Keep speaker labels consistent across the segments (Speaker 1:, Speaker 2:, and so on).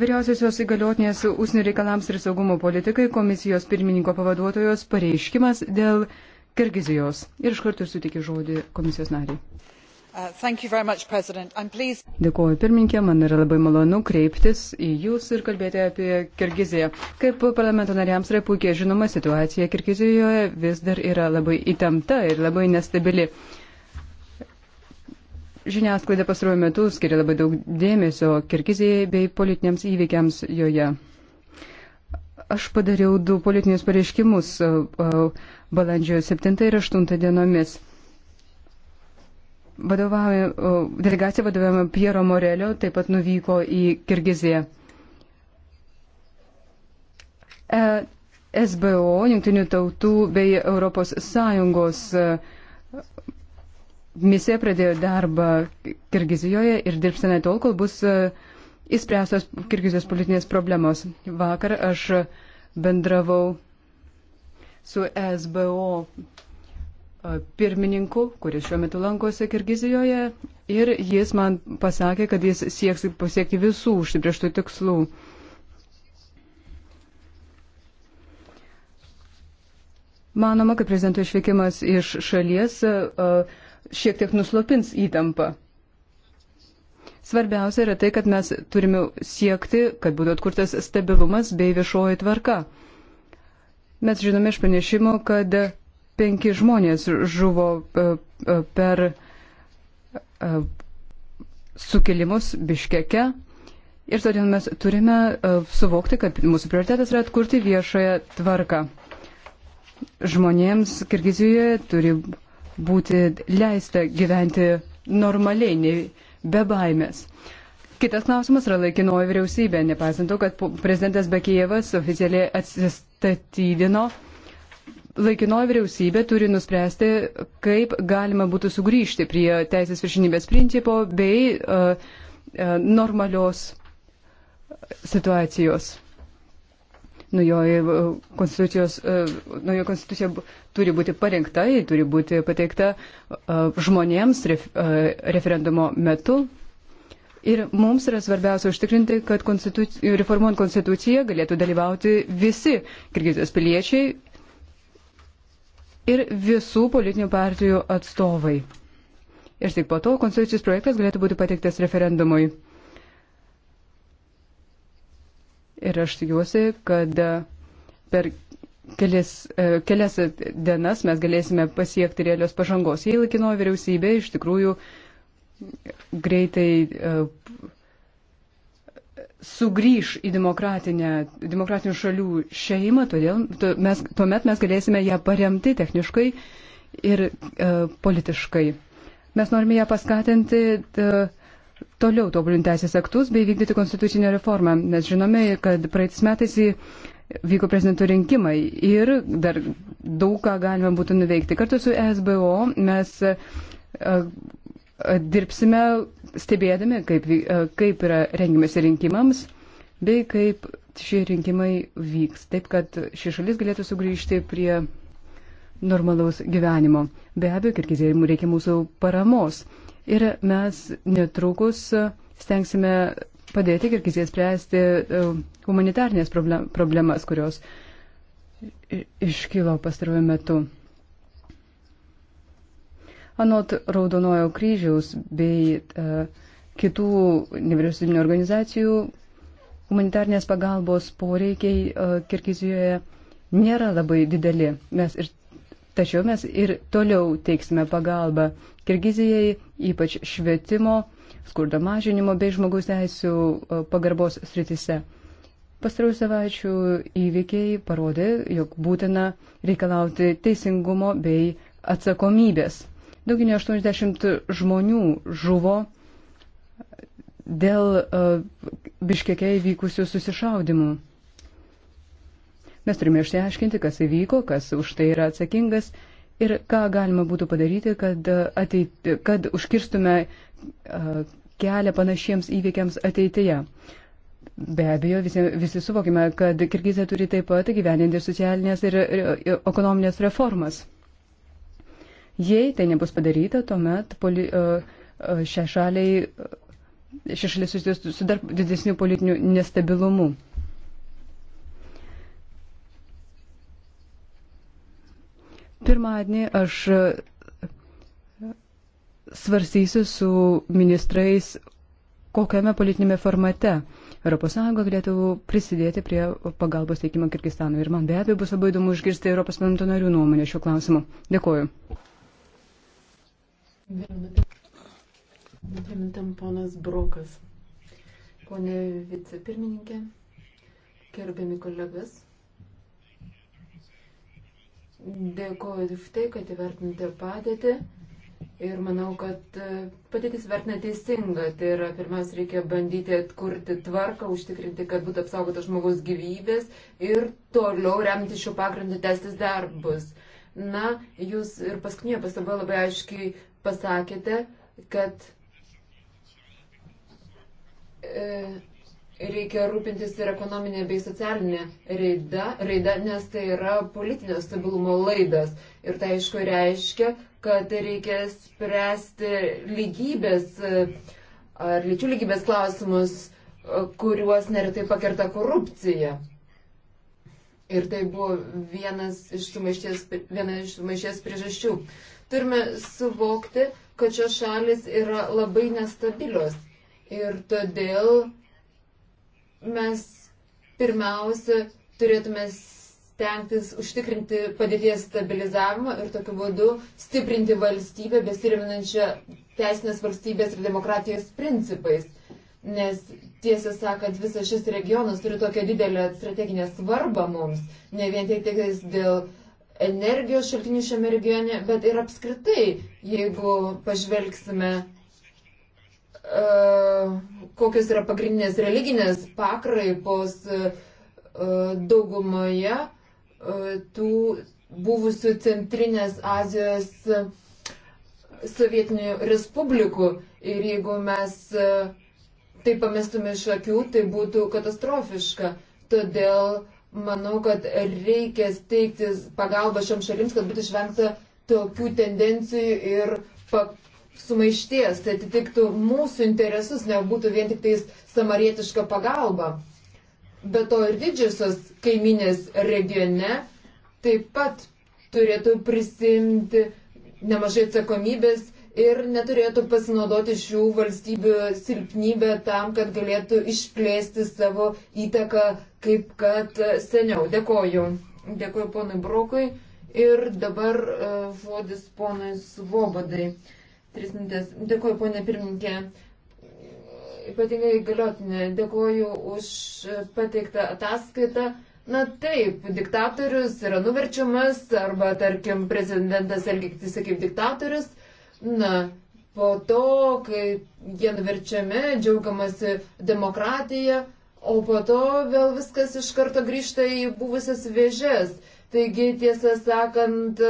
Speaker 1: Vyriausiosios įgaliotinės ūsnių reikalams ir saugumo politikai komisijos pirmininko pavaduotojos pareiškimas dėl Kirgizijos. Ir iš karto sutikiu žodį komisijos nariai.
Speaker 2: Uh, much, pleased...
Speaker 1: Dėkuoju pirmininkė, man yra labai malonu kreiptis į Jūs ir kalbėti apie Kirgiziją. Kaip parlamento nariams yra puikiai žinoma, situacija Kirgizijoje vis dar yra labai įtempta ir labai nestabili. Uh, Žiniasklaida pastaruoju metu skiria labai daug dėmesio Kirgizijai bei politiniams įvykiams joje. Aš padariau du politinius pareiškimus balandžio 7 ir 8 dienomis. Vadovauja, delegacija vadovavimo Piero Morelio taip pat nuvyko į Kirgiziją. E, SBO, Junktinių tautų bei Europos Sąjungos misija pradėjo darbą Kirgizijoje ir dirbs tenai tol, kol bus įspręstos e, Kirgizijos politinės problemos. Vakar aš bendravau su SBO e, pirmininku, kuris šiuo metu lankosi Kirgizijoje ir jis man pasakė, kad jis sieks pasiekti visų užsibrieštų tikslų. Manoma, kad prezidento išvykimas iš šalies uh, šiek tiek nuslopins įtampą. Svarbiausia yra tai, kad mes turime siekti, kad būtų atkurtas stabilumas bei viešoji tvarka. Mes žinome iš pranešimo, kad penki žmonės žuvo e, e, per e, sukilimus Biškeke. Ir todėl mes turime suvokti, kad mūsų prioritetas yra atkurti viešąją tvarką. Žmonėms Kirgizijoje turi būti leista gyventi normaliai, nei be baimės. Kitas klausimas yra laikinoji vyriausybė, nepaisant to, kad prezidentas Bekijevas oficialiai atsistatydino. Laikinoji vyriausybė turi nuspręsti, kaip galima būtų sugrįžti prie teisės viršinybės principo bei uh, uh, normalios situacijos naujoji e, konstitucijos, e, naujoji konstitucija turi būti parengta, ji turi būti pateikta e, žmonėms referendumo metu. Ir mums yra svarbiausia užtikrinti, kad konstituci... reformuojant konstituciją galėtų dalyvauti visi Kirgizijos piliečiai ir visų politinių partijų atstovai. Ir tik po to konstitucijos projektas galėtų būti pateiktas referendumui. Ir aš tikiuosi, kad e, per kelias, e, kelias dienas mes galėsime pasiekti realios pažangos. Jei laikinoji vyriausybė iš tikrųjų greitai e, sugrįž į demokratinių šalių šeimą, todėl to mes, tuomet mes galėsime ją paremti techniškai ir e, politiškai. Mes norime ją paskatinti. E, toliau tobulinti teisės aktus bei vykdyti konstitucinę reformą, nes žinome, kad praeitis metais vyko prezidento rinkimai ir dar daug ką galima būtų nuveikti. Kartu su SBO mes e, e, dirbsime stebėdami, kaip, e, kaip yra rengiamasi rinkimams bei kaip šie rinkimai vyks, taip kad ši šalis galėtų sugrįžti prie normalaus gyvenimo. Be abejo, kirgizijai reikia mūsų paramos ir mes netrukus stengsime padėti Kirgizijai spręsti e, humanitarnės problemas, kurios iškilo pastaruoju metu. Anot Raudonojo kryžiaus bei uh, kitų nevyriausybinio organizacijų humanitarnės pagalbos poreikiai uh, Kirgizijoje nėra labai dideli. Mes ir Tačiau mes ir toliau teiksime pagalbą Kirgizijai, ypač švietimo, skurdo mažinimo bei žmogaus teisų e, pagarbos sritise. Pastarų savaičių įvykiai parodė, jog būtina reikalauti teisingumo bei atsakomybės. Daugiau nei 80 žmonių žuvo dėl uh, e, biškėkiai vykusių susišaudimų. Mes turime išsiaiškinti, kas įvyko, kas už tai yra atsakingas ir ką galima būtų padaryti, kad, ateit, kad užkirstume kelią panašiems įvykiams ateityje. Be abejo, visi, visi suvokime, kad Kirgizija turi taip pat gyveninti socialinės ir, ir ekonominės reformas. Jei tai nebus padaryta, tuomet poli, šią šalį, šią šalį susidės su dar didesniu politiniu nestabilumu. Pirmadienį aš e, svarstysiu su ministrais, kokiame politinėme formate ES galėtų prisidėti prie pagalbos teikimo Kirgistanui. Ir man be abejo bus labai įdomu išgirsti Europos parlamento narių nuomonę šiuo klausimu. Dėkuoju.
Speaker 2: Primintam ponas Brokas. Pone vicepirmininkė, gerbiami kolegas, Dėkoju už tai, kad įvertinate padėtį. Ir manau, kad e, padėtis vertina teisinga. Tai yra, pirmiausia, reikia bandyti atkurti tvarką, užtikrinti, kad būtų apsaugotas žmogaus gyvybės ir toliau remti šių pagrindų tęstis darbus. Na, jūs ir paskutinėje pastaboje labai aiškiai pasakėte, kad. E, reikia rūpintis ir ekonominė bei socialinė raida, raida nes tai yra politinio stabilumo laidas. Ir tai aišku reiškia, kad reikia spręsti lygybės e, ar lyčių lygybės klausimus, e, kuriuos neretai pakerta korupcija. Ir tai buvo vienas iš sumaišties, viena iš sumaišties priežasčių. Turime suvokti, kad šios šalis yra labai nestabilios. Ir todėl mes pirmiausia turėtume stengtis užtikrinti padėties stabilizavimą ir tokiu būdu stiprinti valstybę besiriminančią teisinės valstybės ir demokratijos principais. Nes tiesą sakant, visas šis regionas turi tokią didelę strateginę svarbą mums, ne vien tik dėl energijos šaltinių šiame regione, bet ir apskritai, jeigu pažvelgsime E, kokios yra pagrindinės religinės pakraipos e, daugumoje e, tų buvusių centrinės Azijos sovietinių respublikų. Ir jeigu mes tai pamestume iš akių, tai būtų katastrofiška. Todėl manau, kad reikia steigti pagalbą šiom šalims, kad būtų išvengta tokių tendencijų ir pak sumaišties, tai atitiktų mūsų interesus, nebūtų vien tik tais samarietiška pagalba. Be to ir didžiosios kaiminės regione taip pat turėtų prisimti nemažai atsakomybės ir neturėtų pasinaudoti šių valstybių silpnybę tam, kad galėtų išplėsti savo įtaką, kaip kad seniau. Dėkoju. Dėkoju ponui Brokui ir dabar uh, žodis ponui Svobodai. Tris minutės. Dėkuoju, ponė pirmininkė. Ypatingai galiotinė. Dėkuoju už pateiktą ataskaitą. Na taip, diktatorius yra nuverčiamas arba, tarkim, prezidentas elgitisi kaip diktatorius. Na, po to, kai jie nuverčiami, džiaugiamasi demokratija, o po to vėl viskas iš karto grįžta į buvusias vėžes. Taigi, tiesą sakant,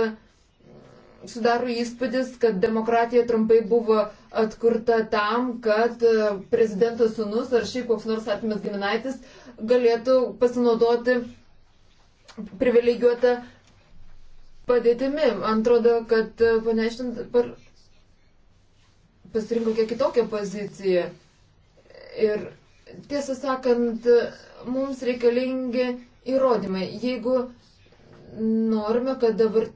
Speaker 2: sudaro įspūdis, kad demokratija trumpai buvo atkurta tam, kad e, prezidento sunus ar šiaip koks nors atimas giminaitis galėtų pasinaudoti privilegijuotą padėtimi. Man atrodo, kad e, panešint par... pasirinko kiek kitokią poziciją. Ir tiesą sakant, mums reikalingi įrodymai. Jeigu norime, kad dabar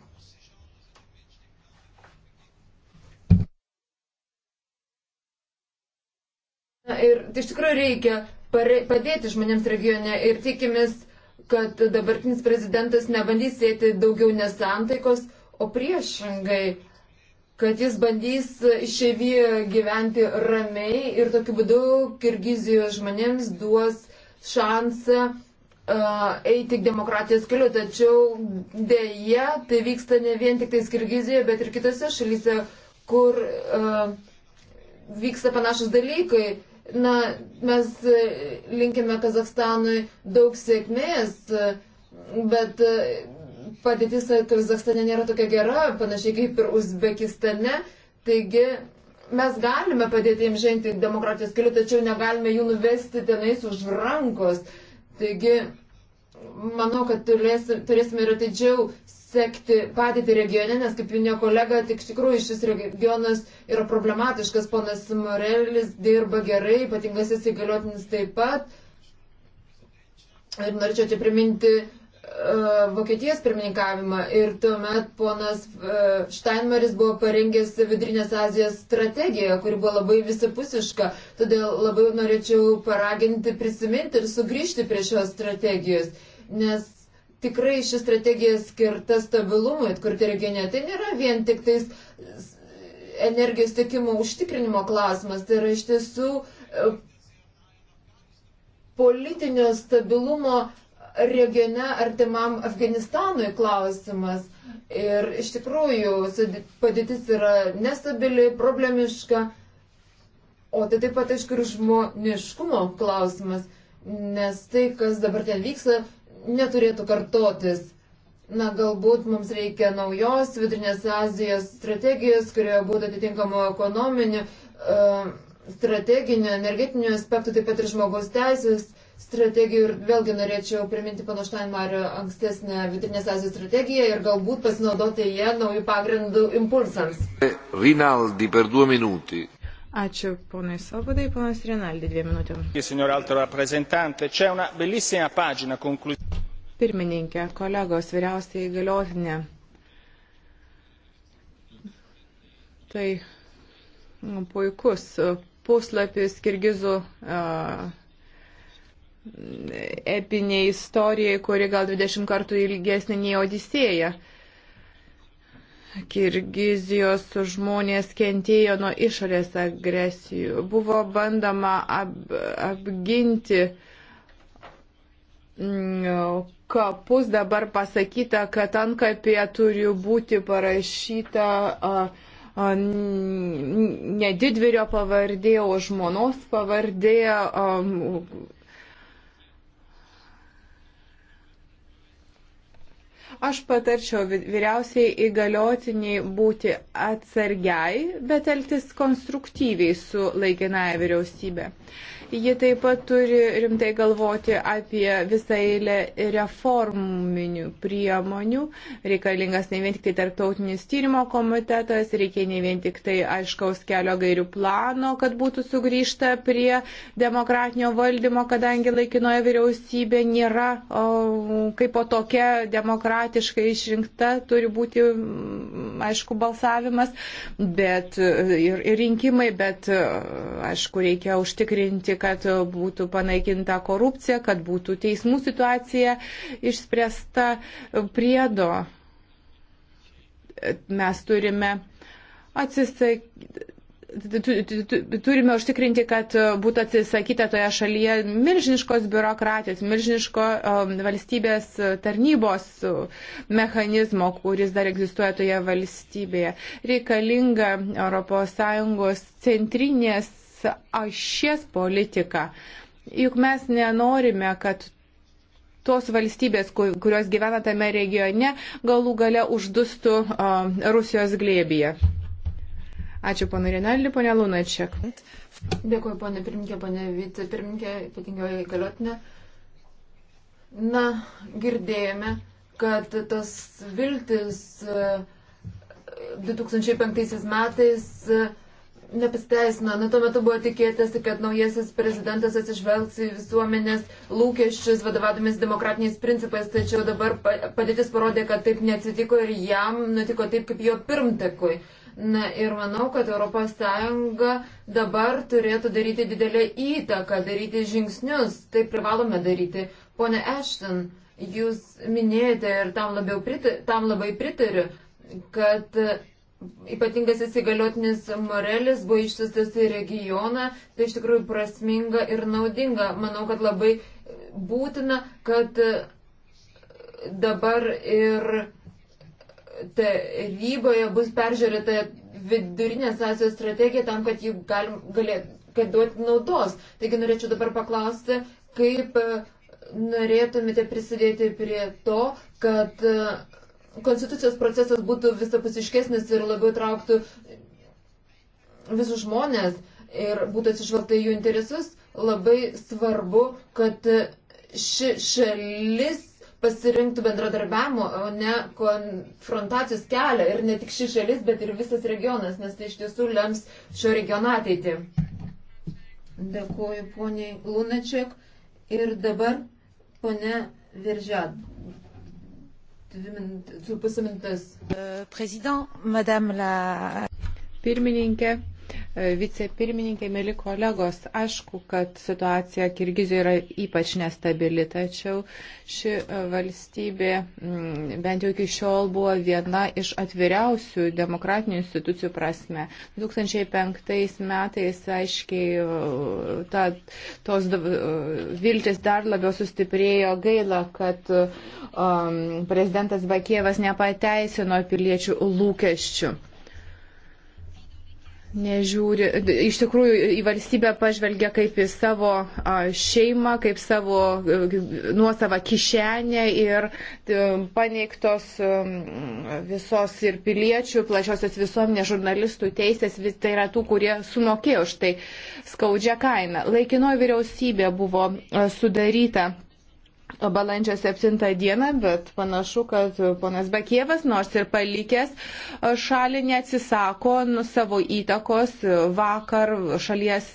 Speaker 2: ir iš tikrųjų reikia padėti žmonėms regione ir tikimės, kad dabartinis prezidentas nebandys sėti daugiau nesantaikos, o priešingai, kad jis bandys išeivijoje gyventi ramiai ir tokiu būdu Kirgizijos žmonėms duos šansą uh, eiti demokratijos keliu. Tačiau dėja, tai vyksta ne vien tik tais Kirgizijoje, bet ir kitose šalyse, kur uh, vyksta panašus dalykai. Na, mes e, linkime Kazakstanui daug sėkmės, e, bet e, padėtis Kazakstane nėra tokia gera, panašiai kaip ir Uzbekistane. Taigi mes galime padėti jiems žengti demokratijos keliu, tačiau negalime jų nuvesti tenais už rankos. Taigi, manau, kad turėsime ir atidžiau sekti padėti regione, nes kaip minėjo kolega, tik iš tikrųjų šis regionas yra problematiškas, ponas Morelis dirba gerai, ypatingasis įgaliotinis taip pat. Ir norėčiau čia priminti uh, Vokietijos pirmininkavimą ir tuomet ponas uh, e, Steinmaris buvo parengęs Vidrinės Azijos strategiją, kuri buvo labai visapusiška, todėl labai norėčiau paraginti prisiminti ir sugrįžti prie šios strategijos, nes tikrai ši strategija skirta stabilumui atkurti regione. Tai nėra vien tik tais energijos tiekimo užtikrinimo klausimas, tai yra iš tiesų e, politinio stabilumo regione artimam Afganistanui klausimas. Ir iš tikrųjų padėtis yra nestabili, problemiška. O tai taip pat, aišku, ir žmoniškumo klausimas, nes tai, kas dabar ten vyksta, neturėtų kartotis. Na, galbūt mums reikia naujos Vidrinės Azijos strategijos, kurioje būtų atitinkamo ekonominių, e, strateginių, energetinių aspektų, taip pat ir žmogaus teisės strategijų. Ir vėlgi norėčiau priminti pano Štainmario ankstesnę Vidrinės Azijos strategiją ir galbūt pasinaudoti ją naujų pagrindų impulsams.
Speaker 3: Rinaldi per du minutį. Ačiū ponai Salvadai, ponas Rinaldi, dviem minutėm. Pirmininkė, kolegos, vyriausiai galiotinė. Tai mm, puikus puslapis Kirgizų uh, epinė istorija, kuri gal 20 kartų ilgesnė nei Odisėja. Uh, Kirgizijos žmonės kentėjo nuo išorės agresijų. Buvo bandama ab, apginti mm, kapus, dabar pasakyta, kad ant kapėje turi būti parašyta a, a, ne didvyrio pavardė, o žmonos pavardė. A, Aš patarčiau vyriausiai įgaliotiniai būti atsargiai, bet elgtis konstruktyviai su laikinąją vyriausybę. Ji taip pat turi rimtai galvoti apie visą eilę reforminių priemonių. Reikalingas ne vien tik tai tarptautinis tyrimo komitetas, reikia ne vien tik tai aiškaus kelio gairių plano, kad būtų sugrįžta prie demokratinio valdymo, kadangi laikinoje vyriausybė nėra o, kaip po tokia demokratiškai išrinkta, turi būti, mm, aišku, balsavimas bet, ir, ir rinkimai, bet, aišku, reikia užtikrinti, kad būtų panaikinta korupcija, kad būtų teismų situacija išspręsta priedo. Mes turime atsisakyti turime užtikrinti, kad būtų atsisakyta toje šalyje milžiniškos biurokratijos, milžiniško um, valstybės tarnybos mechanizmo, kuris dar egzistuoja toje valstybėje. Reikalinga ES centrinės ašies politiką. Juk mes nenorime, kad tos valstybės, kurios gyvena tame regione, galų gale uždustų uh, Rusijos glėbyje. Ačiū, pana Rinaldi, pana Lunačiak.
Speaker 2: Dėkuoju, pana pirmininkė, pana vicepirmininkė, ypatingoji galiotinė. Na, girdėjome, kad tas viltis 2005 metais nepasiteisino. Na, tuo metu buvo tikėtasi, kad naujasis prezidentas atsižvelgs į visuomenės lūkesčius, vadovadomis demokratiniais principais, tačiau dabar padėtis parodė, kad taip neatsitiko ir jam nutiko taip, kaip jo pirmtakui. Na ir manau, kad ES dabar turėtų daryti didelę įtaką, daryti žingsnius. Tai privalome daryti. Pone Ashton, jūs minėjote ir tam, prita, tam labai pritariu, kad ypatingas įsigaliotinis Morelis buvo išsiustas į regioną, tai iš tikrųjų prasminga ir naudinga. Manau, kad labai būtina, kad dabar ir taryboje bus peržiūrėta vidurinės Azijos strategija tam, kad jų galim, galėt, kad duoti naudos. Taigi norėčiau dabar paklausti, kaip norėtumėte prisidėti prie to, kad uh, konstitucijos procesas būtų visapusiškesnis ir labiau trauktų visus žmonės ir būtų atsižvelgta į jų interesus, labai svarbu, kad ši šalis pasirinktų bendradarbiavimo, o ne konfrontacijos kelią. Ir ne tik ši šalis, bet ir visas regionas, nes tai iš tiesų lems šio regiono ateitį. Dėkuoju poniai Lunačiak. Ir dabar ponia Viržat.
Speaker 3: Pirmininkė, E, Vicepirmininkė, mėly kolegos, aišku, kad situacija Kirgizijoje yra ypač nestabili, tačiau ši e, valstybė mm, bent jau iki šiol buvo viena iš atviriausių demokratinių institucijų prasme. 2005 metais, aiškiai, e, ta, tos viltis dar labiau sustiprėjo gaila, kad um, prezidentas Bakievas nepateisino piliečių lūkesčių nežiūri, iš tikrųjų į valstybę pažvelgia kaip į savo šeimą, kaip savo e, nuosavą kišenę ir paneigtos visos ir piliečių, plačiosios visuomenės žurnalistų teisės, tai yra tų, kurie sumokėjo už tai skaudžią kainą. Laikinoji vyriausybė buvo sudaryta balandžio 7 dieną, bet panašu, kad ponas Bakievas, nors ir palikęs šalį, neatsisako nu, savo įtakos. Vakar šalies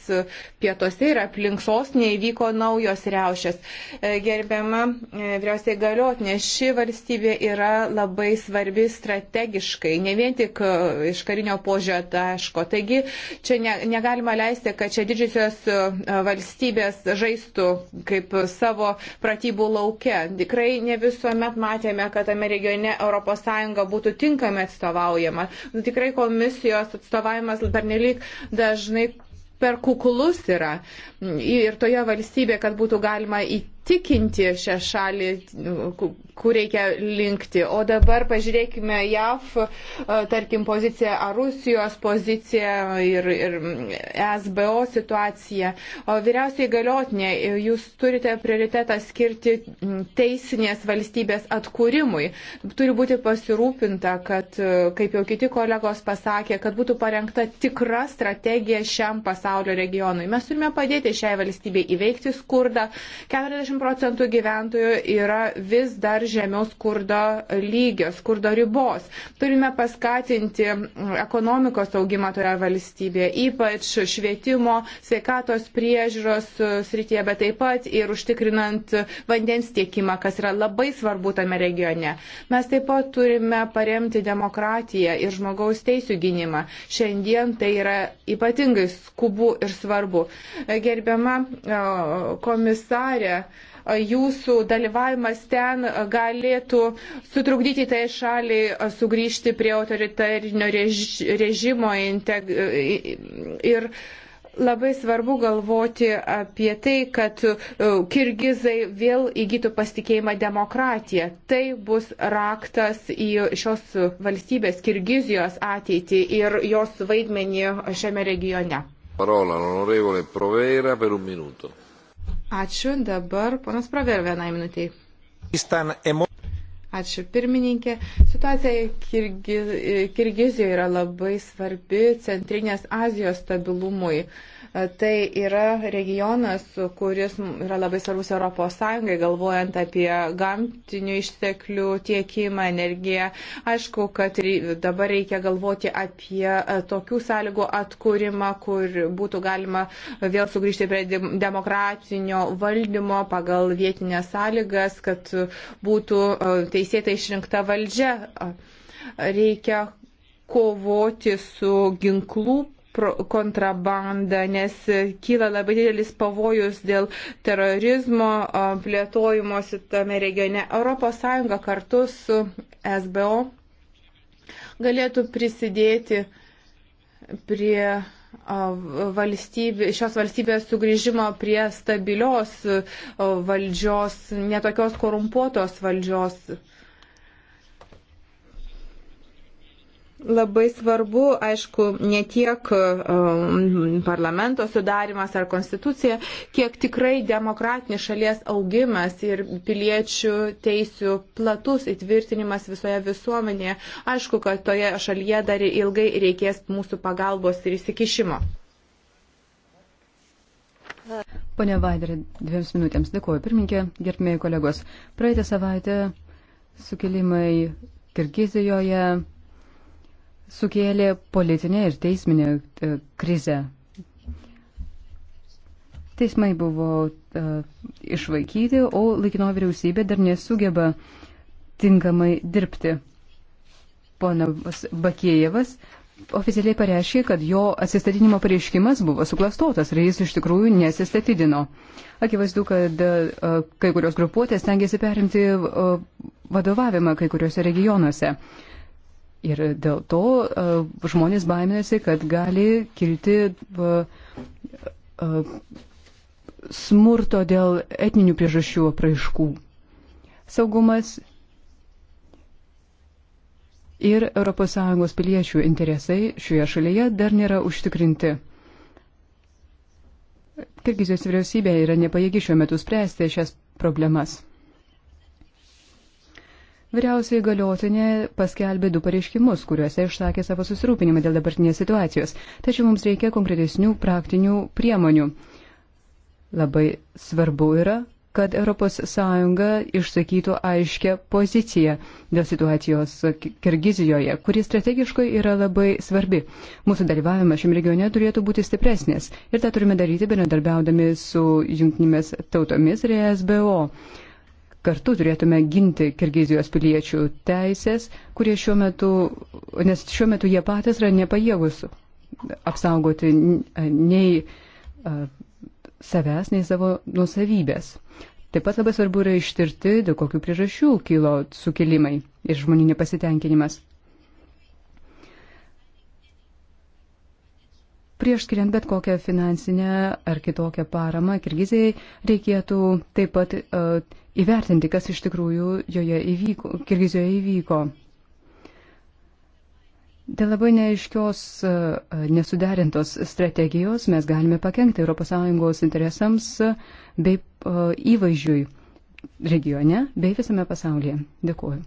Speaker 3: pietuose ir aplink sostinė įvyko naujos reušės. E, gerbiama e, vyriausiai galiotinė, ši valstybė yra labai svarbi strategiškai, ne vien tik e, iš karinio požio taško. Taigi čia ne, negalima leisti, kad čia didžiosios valstybės žaistų kaip savo pratybų laukia. Tikrai ne visuomet matėme, kad tame regione ES būtų tinkamai atstovaujama. Nu, tikrai komisijos atstovavimas dar nelik dažnai per kukulus yra. Ir toje valstybėje, kad būtų galima įtikinti įtikinti šią šalį, kur reikia linkti. O dabar pažiūrėkime JAV, e, tarkim, poziciją ar Rusijos poziciją ir, ir SBO situaciją. O vyriausiai galiotinė, jūs turite prioritetą skirti teisinės valstybės atkūrimui. Turi būti pasirūpinta, kad, e, kaip jau kiti kolegos pasakė, kad būtų parengta tikra strategija šiam pasaulio regionui. Mes turime padėti šiai valstybei įveikti skurdą. 40 60 procentų gyventojų yra vis dar žemiau skurdo lygio, skurdo ribos. Turime paskatinti ekonomikos augimą toje valstybėje, ypač švietimo, sveikatos priežiūros srityje, bet taip pat ir užtikrinant vandens tiekimą, kas yra labai svarbu tame regione. Mes taip pat turime paremti demokratiją ir žmogaus teisų gynimą. Šiandien tai yra ypatingai skubu ir svarbu. Gerbiama komisarė, jūsų dalyvavimas ten galėtų sutrukdyti tai šaliai sugrįžti prie autoritarinio režimo integ... ir labai svarbu galvoti apie tai, kad e, kirgizai vėl įgytų pasitikėjimą demokratiją. Tai bus raktas į šios valstybės Kirgizijos ateitį ir jos vaidmenį šiame regione.
Speaker 2: Parola, onorevole Provera, per un minuto.
Speaker 3: Ačiū. Dabar ponas Praver vienai minutiai. Ačiū pirmininkė. Situacija Kirgizijoje yra labai svarbi Centrinės Azijos stabilumui. Tai yra regionas, kuris yra labai svarbus ES, galvojant apie gamtinių išteklių tiekimą, energiją. Aišku, kad dabar reikia galvoti apie e, tokių sąlygų atkūrimą, kur būtų galima vėl sugrįžti prie demokratinio valdymo pagal vietinės sąlygas, kad būtų e, teisėtai išrinkta valdžia. Reikia kovoti su ginklų kontrabandą, nes kyla labai didelis pavojus dėl terorizmo plėtojimuose tame regione. ES kartu su SBO galėtų prisidėti prie valstybė, šios valstybės sugrįžimo prie stabilios valdžios, netokios korumpuotos valdžios. Labai svarbu, aišku, ne tiek um, parlamento sudarimas ar konstitucija, kiek tikrai demokratinis šalies augimas ir piliečių teisių platus įtvirtinimas visoje visuomenėje. Aišku, kad toje šalyje dar ilgai reikės mūsų pagalbos ir įsikišimo.
Speaker 1: Pone Vaidarė, dviems minutėms dėkuoju. Pirminkė, gerbėjai kolegos, praeitą savaitę sukilimai Kirgizijoje sukėlė politinę ir teisminę e, krizę. Teismai buvo uh, išvaikyti, o laikino vyriausybė dar nesugeba tinkamai dirbti. Ponas Bakėjevas oficialiai pareiškė, kad jo atsistatydinimo pareiškimas buvo suklastotas ir jis iš tikrųjų nesistatydino. Akivaizdu, kad e, kai kurios grupuotės tengiasi perimti vadovavimą kai kuriuose regionuose. Ir dėl to uh, žmonės baiminasi, kad gali kilti uh, uh, smurto dėl etninių priežasčių apraiškų. Saugumas ir ES piliečių interesai šioje šalyje dar nėra užtikrinti. Kirgizijos vyriausybė yra nepajėgi šiuo metu spręsti šias problemas. Vyriausiai galiotinė paskelbė du pareiškimus, kuriuose išsakė savo susirūpinimą dėl dabartinės situacijos. Tačiau mums reikia konkretesnių praktinių priemonių. Labai svarbu yra, kad ES išsakytų aiškę poziciją dėl situacijos Kirgizijoje, kuri strategiškai yra labai svarbi. Mūsų dalyvavimas šiam regione turėtų būti stipresnis ir tą turime daryti bendradarbiaudami su jungtinėmis tautomis ir ESBO kartu turėtume ginti Kirgizijos piliečių teisės, kurie šiuo metu, nes šiuo metu jie patys yra nepajėgus apsaugoti nei savęs, nei savo nusavybės. Taip pat labai svarbu yra ištirti, dėl kokių priežasčių kilo sukilimai ir žmonių nepasitenkinimas. Prieš skiriant bet kokią finansinę ar kitokią paramą Kirgizijai, reikėtų taip pat uh, įvertinti, kas iš tikrųjų joje įvyko, Kirgizijoje įvyko. Dėl labai neaiškios, uh, nesuderintos strategijos mes galime pakengti ES interesams e, bei uh, įvaizdžiui regione bei visame pasaulyje. Dėkuoju.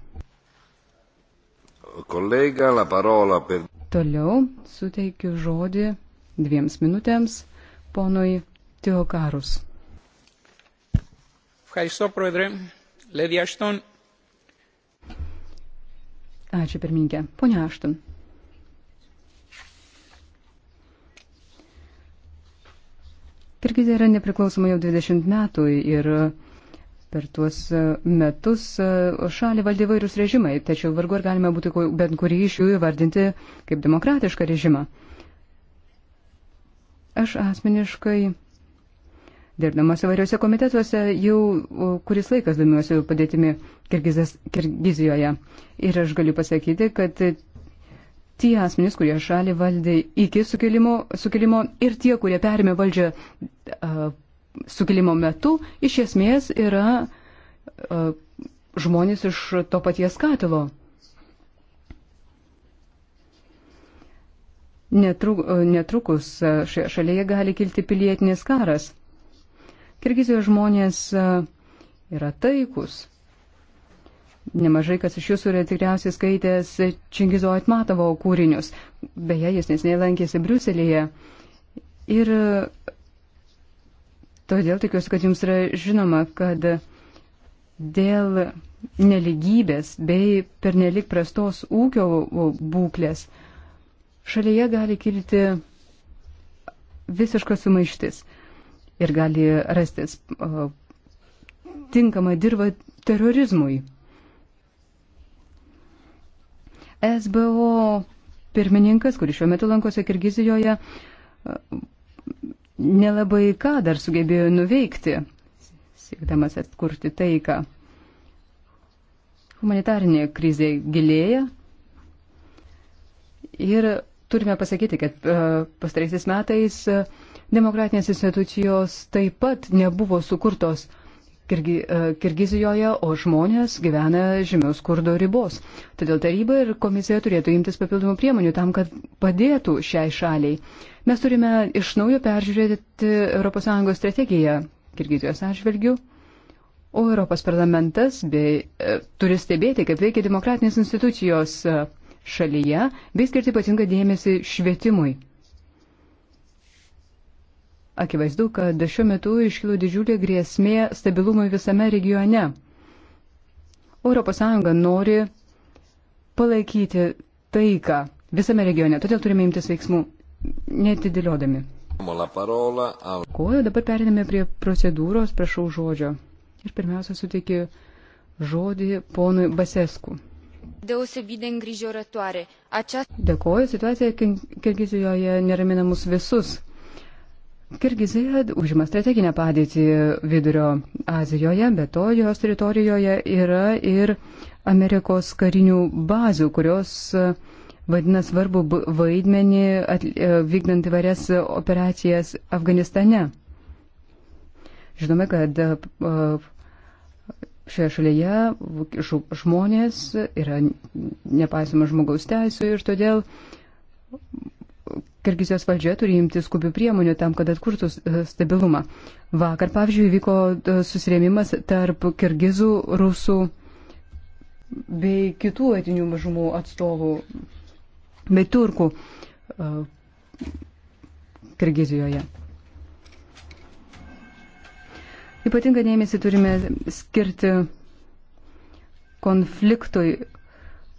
Speaker 3: Kolega, la parola per.
Speaker 1: Toliau suteikiu žodį dviems minutėms ponui Teokarus. Ačiū pirmininkė. Pone Ašton. Kirgizija yra nepriklausoma jau 20 metų ir per tuos metus šalį valdė vairūs režimai, tačiau vargu ar galime būtų bent kurį iš jų įvardinti kaip demokratišką režimą. Aš asmeniškai, dirbdamas įvairiuose komitetuose, jau kuris laikas domiuosi padėtimi Kirgizijoje. Ir aš galiu pasakyti, kad tie asmenys, kurie šalį valdė iki sukilimo, sukilimo ir tie, kurie perėmė valdžią uh, sukilimo metu, iš esmės yra uh, žmonės iš to paties katilo. Netrukus e, šalyje gali kilti pilietinis karas. Kirgizijos žmonės e, yra taikus. Nemažai kas iš jūsų yra tikriausiai skaitęs Čingizo Atmatovo kūrinius. Beje, jis nesnei lankėsi Briuselėje. Ir e, todėl tikiuosi, kad jums yra žinoma, kad dėl neligybės bei pernelik prastos ūkio būklės uh, šalyje gali kilti visiškas sumaištis ir gali rastis tinkama dirba terorizmui. SBO pirmininkas, kuris šiuo metu lankosi Kirgizijoje, nelabai ką dar sugebėjo nuveikti, siekdamas atkurti taiką. Humanitarinė krizė gilėja ir turime pasakyti, kad e, pastaraisiais metais e, demokratinės institucijos taip pat nebuvo sukurtos Kirgi, e, Kirgizijoje, o žmonės gyvena žemiaus skurdo ribos. Todėl taryba ir komisija turėtų imtis papildomų priemonių tam, kad padėtų šiai šaliai. Mes turime iš naujo peržiūrėti ES strategiją Kirgizijos atžvilgių. O Europos parlamentas bei, e, turi stebėti, kaip veikia demokratinės institucijos e, šalyje, bei skirti ypatingą dėmesį švietimui. Akivaizdu, kad šiuo metu iškilo didžiulė grėsmė stabilumui visame regione. ES nori palaikyti taiką visame regione, todėl turime imtis veiksmų netidėliodami.
Speaker 3: Kojo
Speaker 1: dabar periname prie procedūros, prašau žodžio. Ir pirmiausia suteikiu žodį ponui Basesku
Speaker 2: deosebit de
Speaker 3: îngrijorătoare.
Speaker 1: Această... Dėkoju, situacija Kirgizijoje neramina mus visus. Kirgizija užima strateginę padėtį Vidurio Azijoje, bet to jos teritorijoje yra ir Amerikos karinių bazių, kurios e, vadina svarbu vaidmenį e, vykdant įvairias operacijas Afganistane. Žinome, kad e, Šioje šalyje žmonės yra nepaisoma žmogaus teisų ir todėl Kirgizijos valdžia turi imti skubių priemonių tam, kad atkurtų e, stabilumą. Vakar, pavyzdžiui, vyko e, susirėmimas tarp kirgizų, rusų bei kitų etinių mažumų atstovų, bei turkų e, Kirgizijoje. Ypatingą dėmesį turime skirti konfliktui,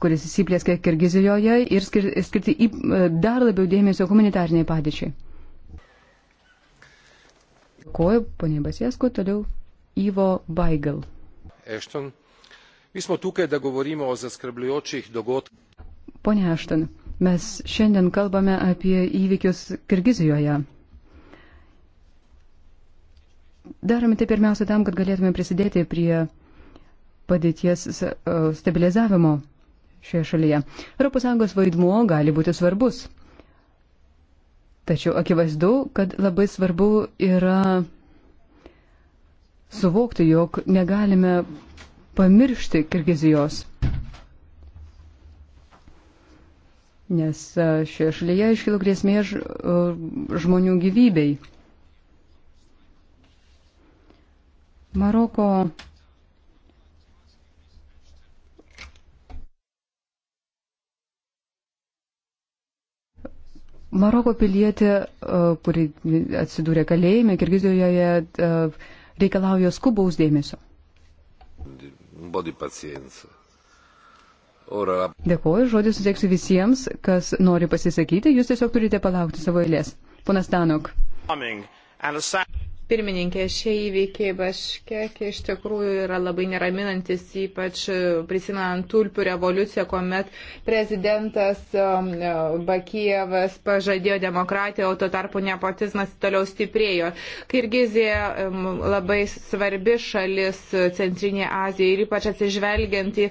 Speaker 1: kuris įsiplėskė Kirgizijoje ir skirti e, dar labiau dėmesio humanitarniai padėčiai. Dėkuoju, ponė Basiesko, toliau Ivo Baigal.
Speaker 2: Ešton, mi smo tukaj, da govorimo o zaskrbljujočih dogodkih.
Speaker 1: Pone Ešton, mes šiandien kalbame apie įvykius Kirgizijoje darome tai pirmiausia tam, kad galėtume prisidėti prie padėties e, stabilizavimo šioje šalyje. ES vaidmuo gali būti svarbus. Tačiau akivaizdu, kad labai svarbu yra suvokti, jog negalime pamiršti Kirgizijos. Nes e, šioje šalyje iškilo grėsmė e, žmonių gyvybei. Maroko Maroko pilietė, e, kuri atsidūrė kalėjime Kirgizijoje, e, reikalauja skubaus dėmesio. Dėkuoju, žodį suteiksiu visiems, kas nori pasisakyti, jūs tiesiog turite palaukti savo eilės. Ponas
Speaker 3: Tanok. Pirmininkė, šie įvykiai Baškekė iš tikrųjų yra labai neraminantis, ypač prisimant tulpių revoliuciją, kuomet prezidentas um, Bakijevas pažadėjo demokratiją, o tuo tarpu nepotizmas toliau stiprėjo. Kirgizija um, labai svarbi šalis Centrinėje Azijoje ir ypač atsižvelgiant į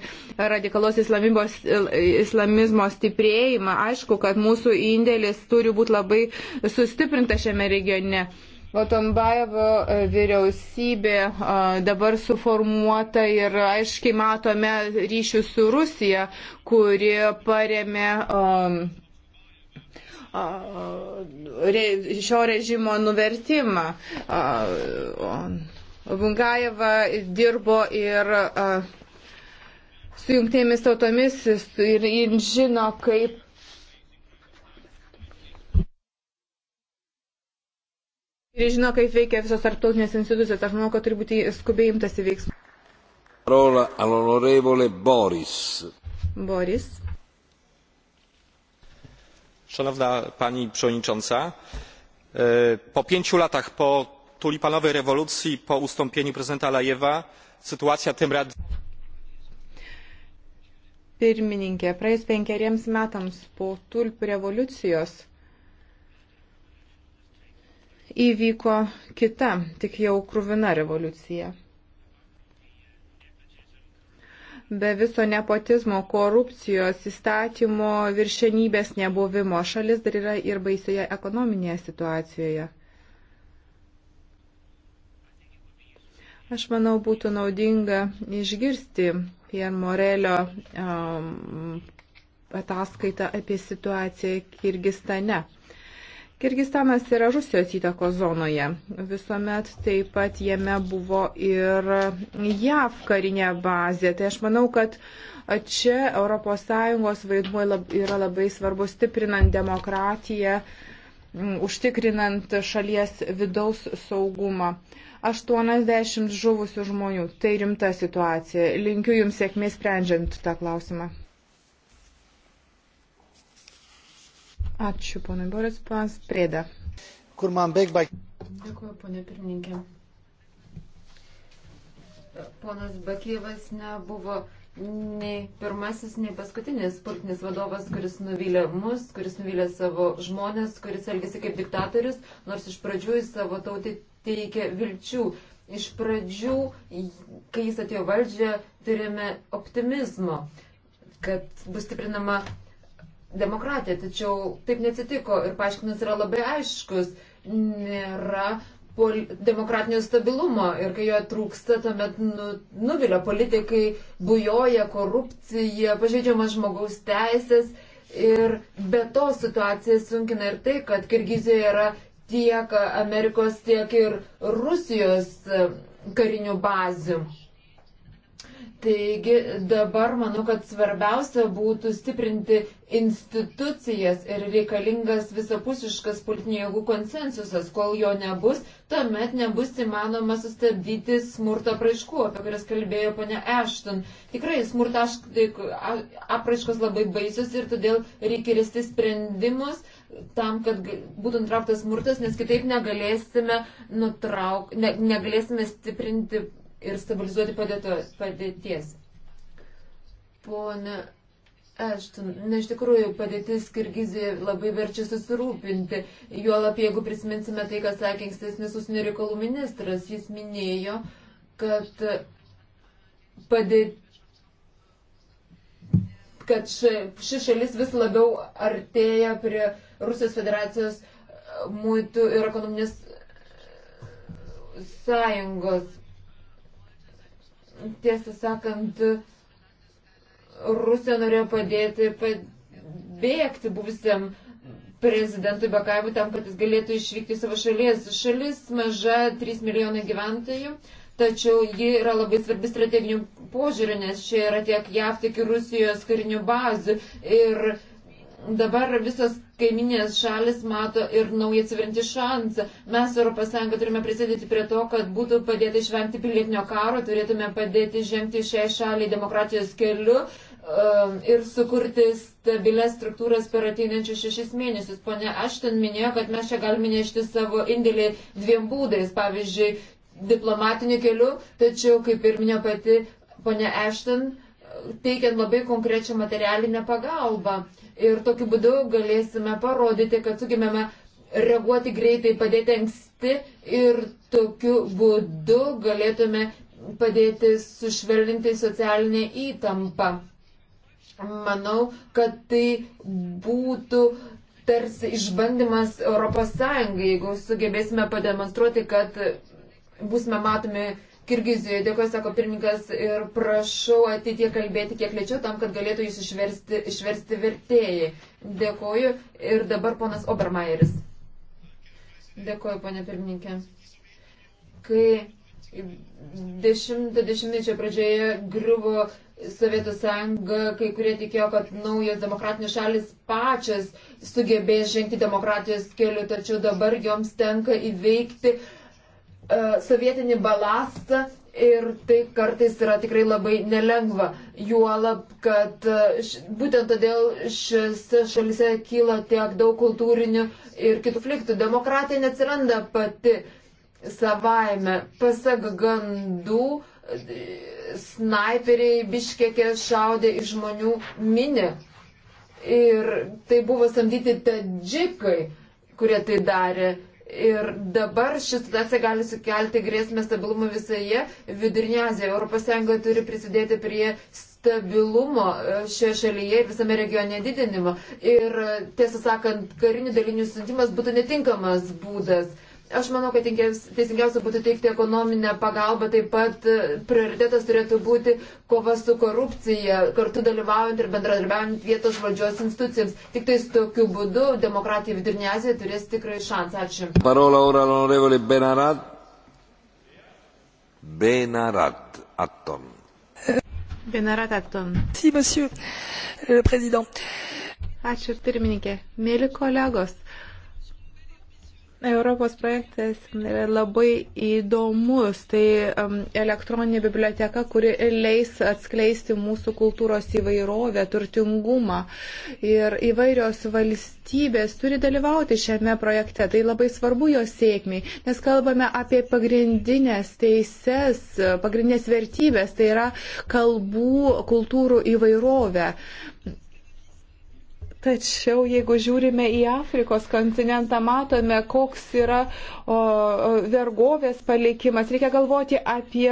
Speaker 3: radikalos islamizmo stiprėjimą, aišku, kad mūsų indėlis turi būti labai sustiprinta šiame regione. Otombaevo e, vyriausybė e, dabar suformuota ir aiškiai matome ryšių su Rusija, kuri paremė um, šio režimo nuvertimą. Vungajeva dirbo ir su jungtėmis tautomis ir žino, kaip Ir tai žino, kaip veikia visos tarptautinės institucijos. Aš manau, kad turi būti skubiai imtasi veiksmų. Parola all'onorevole Boris. Boris. Szanowna Pani Przewodnicząca, e, po pięciu latach po tulipanowej rewolucji, po ustąpieniu prezydenta Lajewa, sytuacja tym razem. Pirmininkė, praėjus penkeriems metams po tulpių revoliucijos įvyko kita, tik jau krūvina revoliucija. Be viso nepotizmo, korupcijos, įstatymo viršenybės nebuvimo šalis dar yra ir baisioje ekonominėje situacijoje. Aš manau, būtų naudinga išgirsti Pierre Morelio um, ataskaitą apie situaciją Kirgistane. Kirgistanas yra Rusijos įtakos zonoje. Visuomet taip pat jame buvo ir JAV karinė bazė. Tai aš manau, kad čia ES vaidmuo yra labai svarbus stiprinant demokratiją, užtikrinant šalies vidaus saugumą. 80 žuvusių žmonių. Tai rimta situacija. Linkiu Jums sėkmės sprendžiant tą klausimą. Ačiū, ponai Boris Pas, prėda. Kur man beig baig. Dėkuoju, ponė pirmininkė.
Speaker 2: Ponas Bakyvas nebuvo nei pirmasis, nei paskutinis politinis vadovas, kuris nuvylė mus, kuris nuvylė savo žmonės, kuris elgėsi kaip diktatorius, nors iš pradžių jis savo tautį teikė vilčių. Iš pradžių, kai jis atėjo valdžią, turėjome optimizmo, kad bus stiprinama demokratija, tačiau taip nesitiko ir paaiškinimas yra labai aiškus. Nėra demokratinio stabilumo ir kai jo trūksta, tuomet nu, nuvilia politikai, bujoja korupcija, pažeidžiamas žmogaus teisės ir be to situacija sunkina ir tai, kad Kirgizijoje yra tiek Amerikos, tiek ir Rusijos e, karinių bazių. Taigi dabar manau, kad svarbiausia būtų stiprinti institucijas ir reikalingas visapusiškas politinių jėgų konsensusas. Kol jo nebus, tuomet nebus įmanoma sustabdyti smurto praaiškų, apie kurias kalbėjo ponia Ashton. Tikrai smurto apraiškos labai baisios ir todėl reikia rasti sprendimus tam, kad būtų nutrauktas smurtas, nes kitaip negalėsime, nutrauk, ne, negalėsime stiprinti ir stabilizuoti padėto, padėties. Pone Ešton, na iš tikrųjų padėtis Kirgizijoje labai verčia susirūpinti, juolap jeigu prisiminsime tai, ką sakė ankstesnis užsienio reikalų ministras, jis minėjo, kad padėtis kad ši, ši šalis vis labiau artėja prie Rusijos federacijos muitų ir ekonominės sąjungos tiesą sakant, Rusija norėjo padėti pabėgti buvusiam prezidentui Bakavui tam, kad jis galėtų išvykti savo šalies. Šalis maža 3 milijonai gyventojų, tačiau ji yra labai svarbi strateginių požiūrių, nes čia yra tiek JAV, tiek ir Rusijos karinių bazių. Ir dabar visos kaiminės šalis mato ir naują atsiverinti šansą. Mes ES turime prisidėti prie to, kad būtų padėti išvengti pilietinio karo, turėtume padėti žengti šiai šaliai demokratijos keliu um, ir sukurti stabilės struktūras per ateinančius šešis mėnesius. Pone Ašten minėjo, kad mes čia galime nešti savo indėlį dviem būdais, pavyzdžiui, diplomatiniu keliu, tačiau, kaip ir minėjo pati ponė Ašten, uh, teikiant labai konkrečią materialinę pagalbą. Ir tokiu būdu galėsime parodyti, kad sugebėme reaguoti greitai, padėti anksti ir tokiu būdu galėtume padėti sušvelninti socialinę įtampą. Manau, kad tai būtų tarsi išbandymas ES, jeigu sugebėsime pademonstruoti, kad būsime matomi Kirgizijoje. Dėkuoju, sako pirmininkas, ir prašau ateitie kalbėti kiek lėčiau, tam, kad galėtų jūs išversti, išversti vertėjai. Dėkuoju. Ir dabar ponas Obermaieris. Dėkuoju, ponė pirmininkė. Kai 10-20 pradžioje griuvo Sovietų sąjunga, kai kurie tikėjo, kad naujas demokratinės šalis pačias sugebės žengti demokratijos keliu, tačiau dabar joms tenka įveikti uh, E, sovietinį balastą ir tai kartais yra tikrai labai nelengva. Juolab, kad e, būtent todėl šiose šalise kyla tiek daug kultūrinių ir kitų fliktų. Demokratija neatsiranda pati savaime. Pasak gandų, e, snaiperiai biškėkė šaudė į žmonių minę. Ir tai buvo samdyti tadžikai, kurie tai darė. Ir dabar ši situacija gali sukelti grėsmę stabilumą visoje Vidurinėje Azijoje. ES turi prisidėti prie stabilumo e, šioje šalyje ir visame regione didinimo. Ir e, tiesą sakant, karinių dalinių siuntimas būtų netinkamas būdas. Aš manau, kad teisingiausia būtų teikti ekonominę pagalbą, taip pat e, prioritetas turėtų būti kova su korupcija, kartu dalyvaujant ir bendradarbiaujant vietos valdžios institucijams. Tik tais tokiu būdu demokratija vidurinė Azija turės tikrai šansą. Ačiū.
Speaker 3: Parola ora l'onorevole Benarat. Benarat Atton. Benarat Atton. Si, monsieur le président. Ačiū pirmininkė. Mėly kolegos. Europos projektas yra labai įdomus. Tai um, elektroninė biblioteka, kuri leis atskleisti mūsų kultūros įvairovę, turtingumą. Ir įvairios valstybės turi dalyvauti šiame projekte. Tai labai svarbu jos sėkmiai, nes kalbame apie pagrindinės teises, pagrindinės vertybės, tai yra kalbų, kultūrų įvairovę. Tačiau jeigu žiūrime į Afrikos kontinentą, matome, koks yra o, vergovės palikimas. Reikia galvoti apie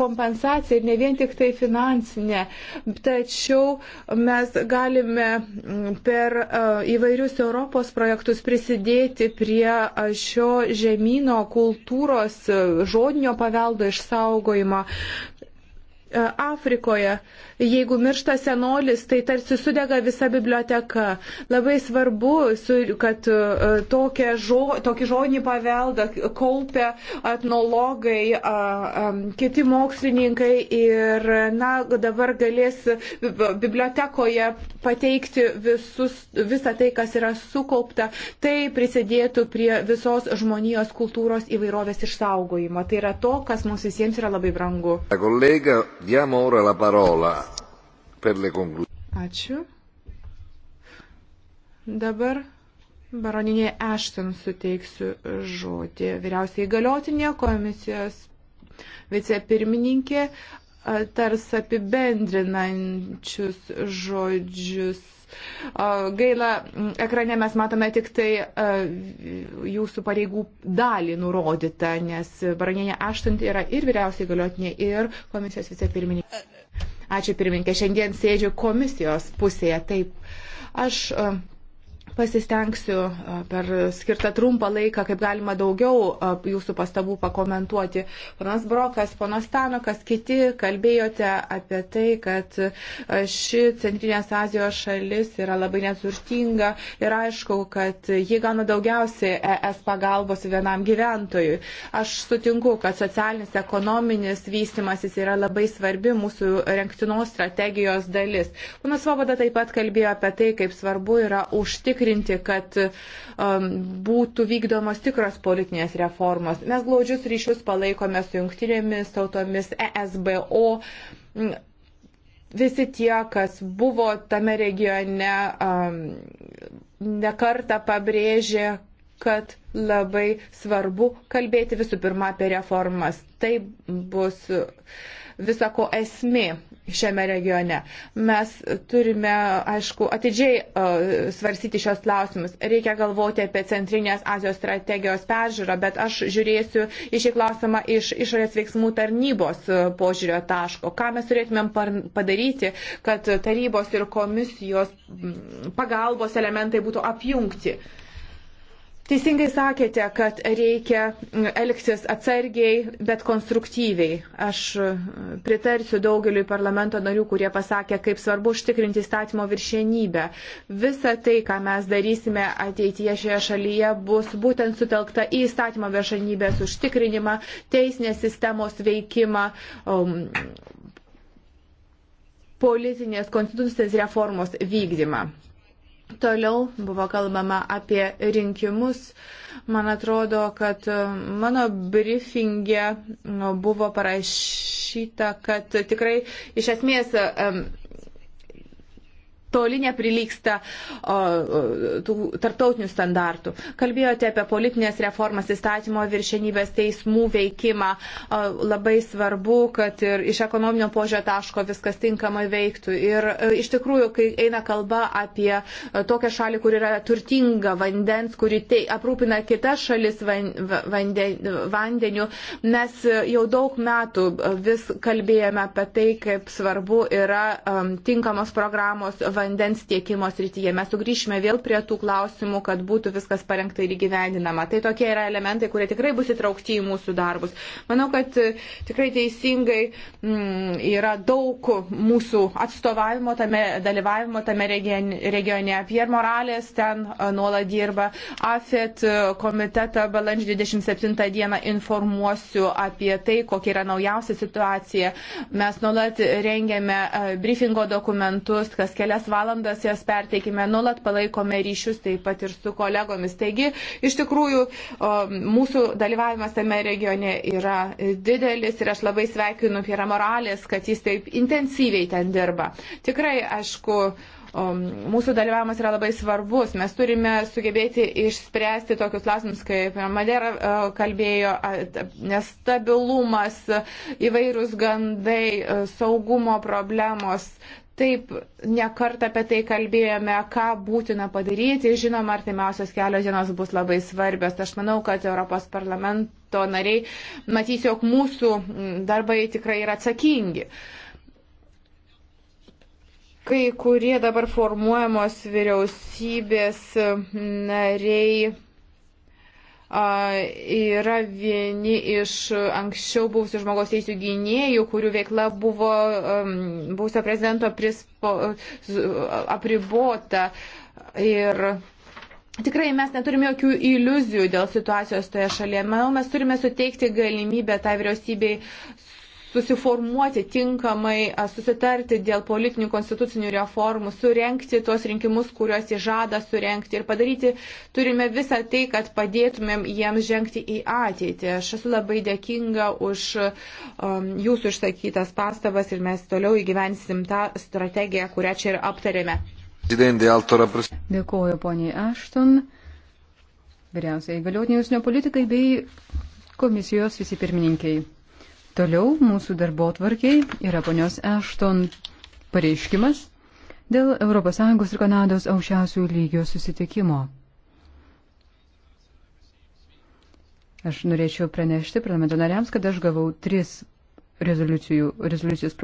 Speaker 3: kompensaciją ir ne vien tik tai finansinę. Tačiau mes galime per įvairius Europos projektus prisidėti prie šio žemynų kultūros žodinio paveldo išsaugojimo. E, Afrikoje Jeigu miršta senolis, tai tarsi sudega visa biblioteka. Labai svarbu, kad e, žo, tokį žodį paveldą kaupia etnologai, kiti mokslininkai ir na, dabar galės bibliotekoje pateikti visus, visą tai, kas yra sukaupta. Tai prisidėtų prie visos žmonijos kultūros įvairovės išsaugojimo. Tai yra to, kas mums visiems yra labai brangu.
Speaker 2: Kolega, diamo ora la parola per le conclusioni.
Speaker 3: Ačiū. Dabar baroninė Ešton suteiksiu žodį. Vyriausiai galiotinė komisijos vicepirmininkė tars apibendrinančius žodžius. Gaila, ekrane mes matome tik tai jūsų pareigų dalį nurodytą, nes baronienė Aštant yra ir vyriausiai galiotinė, ir komisijos vicepirmininkė. Ačiū pirmininkė, šiandien sėdžiu komisijos pusėje. Taip, aš Pasistengsiu per skirtą trumpą laiką, kaip galima daugiau jūsų pastabų pakomentuoti. Ponas Brokas, ponas Tanokas, kiti kalbėjote apie tai, kad ši Centrinės Azijos šalis yra labai neturtinga ir aišku, kad ji gauna daugiausiai ES pagalbos vienam gyventojui. Aš sutinku, kad socialinis, ekonominis vystimasis yra labai svarbi mūsų renktinos strategijos dalis. Ponas Svoboda taip pat kalbėjo apie tai, kaip svarbu yra užtikrinti užtikrinti, kad um, būtų vykdomos tikros politinės reformos. Mes glaudžius ryšius palaikome su jungtinėmis tautomis ESBO. Mm, visi tie, kas buvo tame regione, um, nekarta pabrėžė, kad labai svarbu kalbėti visų pirma apie reformas. Tai bus visako esmė šiame regione. Mes turime, aišku, atidžiai uh, e, svarsyti šios klausimus. Reikia galvoti apie Centrinės Azijos strategijos peržiūrą, bet aš žiūrėsiu į šį klausimą iš išorės veiksmų tarnybos e, požiūrio taško. Ką mes turėtumėm padaryti, kad tarybos ir komisijos pagalbos elementai būtų apjungti. Uh, Teisingai sakėte, kad reikia mm, elgtis atsargiai, bet konstruktyviai. Aš mm, pritarsiu daugeliu parlamento narių, kurie pasakė, kaip svarbu užtikrinti įstatymo viršienybę. Visa tai, ką mes darysime ateityje šioje šalyje, bus būtent sutelkta į įstatymo viršienybės užtikrinimą, teisinės sistemos veikimą. Um, politinės konstitucinės reformos vykdymą. Toliau buvo kalbama apie rinkimus. Man atrodo, kad e, mano briefinge buvo parašyta, kad tikrai iš esmės toli neprilyksta o, tų tarptautinių standartų. Kalbėjote apie politinės reformas įstatymo viršenybės teismų veikimą. O, labai svarbu, kad ir iš ekonominio požio taško viskas tinkamai veiktų. Ir e, iš tikrųjų, kai eina kalba apie e, tokią šalį, kur yra turtinga vandens, kuri te, aprūpina kitas šalis van, vanden, vandeniu, mes e, jau daug metų vis kalbėjome apie tai, kaip svarbu yra um, tinkamos programos vandens tiekimo srityje. Mes sugrįšime vėl prie tų klausimų, kad būtų viskas parengta ir įgyvendinama. Tai tokie yra elementai, kurie tikrai bus įtraukti į mūsų darbus. Manau, kad e, tikrai teisingai m, mm, yra daug mūsų atstovavimo tame, dalyvavimo tame regione. Pierre Morales ten e, nuolat dirba. AFET e, komitetą balandžio 27 dieną informuosiu apie tai, kokia yra naujausia situacija. Mes nuolat rengiame briefingo dokumentus, kas kelias kelias valandas jas perteikime, nulat palaikome ryšius taip pat ir su kolegomis. Taigi, iš tikrųjų, mūsų dalyvavimas tame regione yra didelis ir aš labai sveikinu Pierą Moralės, kad jis taip intensyviai ten dirba. Tikrai, aišku, mūsų dalyvavimas yra labai svarbus. Mes turime sugebėti išspręsti tokius klausimus, kaip Madera kalbėjo, nestabilumas, įvairūs gandai, saugumo problemos. Taip, nekart apie tai kalbėjome, ką būtina padaryti. Žinoma, artimiausios kelios dienos bus labai svarbios. Aš manau, kad Europos parlamento nariai matys, jog mūsų darbai tikrai yra atsakingi. Kai kurie dabar formuojamos vyriausybės nariai yra vieni iš anksčiau buvusių žmogaus teisų gynėjų, kurių veikla buvo um, buvusio prezidento prispo, apribota. Ir Tikrai mes neturime jokių iliuzijų dėl situacijos toje šalyje. Manau, mes turime suteikti galimybę tai vyriausybei susiformuoti tinkamai, susitarti dėl politinių konstitucinių reformų, surenkti tuos rinkimus, kuriuos jie žada surenkti ir padaryti turime visą tai, kad padėtumėm jiems žengti į ateitį. Aš esu labai dėkinga už um, jūsų išsakytas pastabas ir mes toliau įgyvensim tą strategiją, kurią čia ir aptarėme.
Speaker 2: Dėkuoju
Speaker 1: poniai Ašton, vyriausiai įgaliotinė užsienio politikai bei komisijos visi pirmininkai. Toliau mūsų darbo tvarkiai yra ponios Ashton pareiškimas dėl ES ir Kanados aukščiausių lygio susitikimo. Aš norėčiau pranešti parlamento nariams, kad aš gavau tris rezoliucijos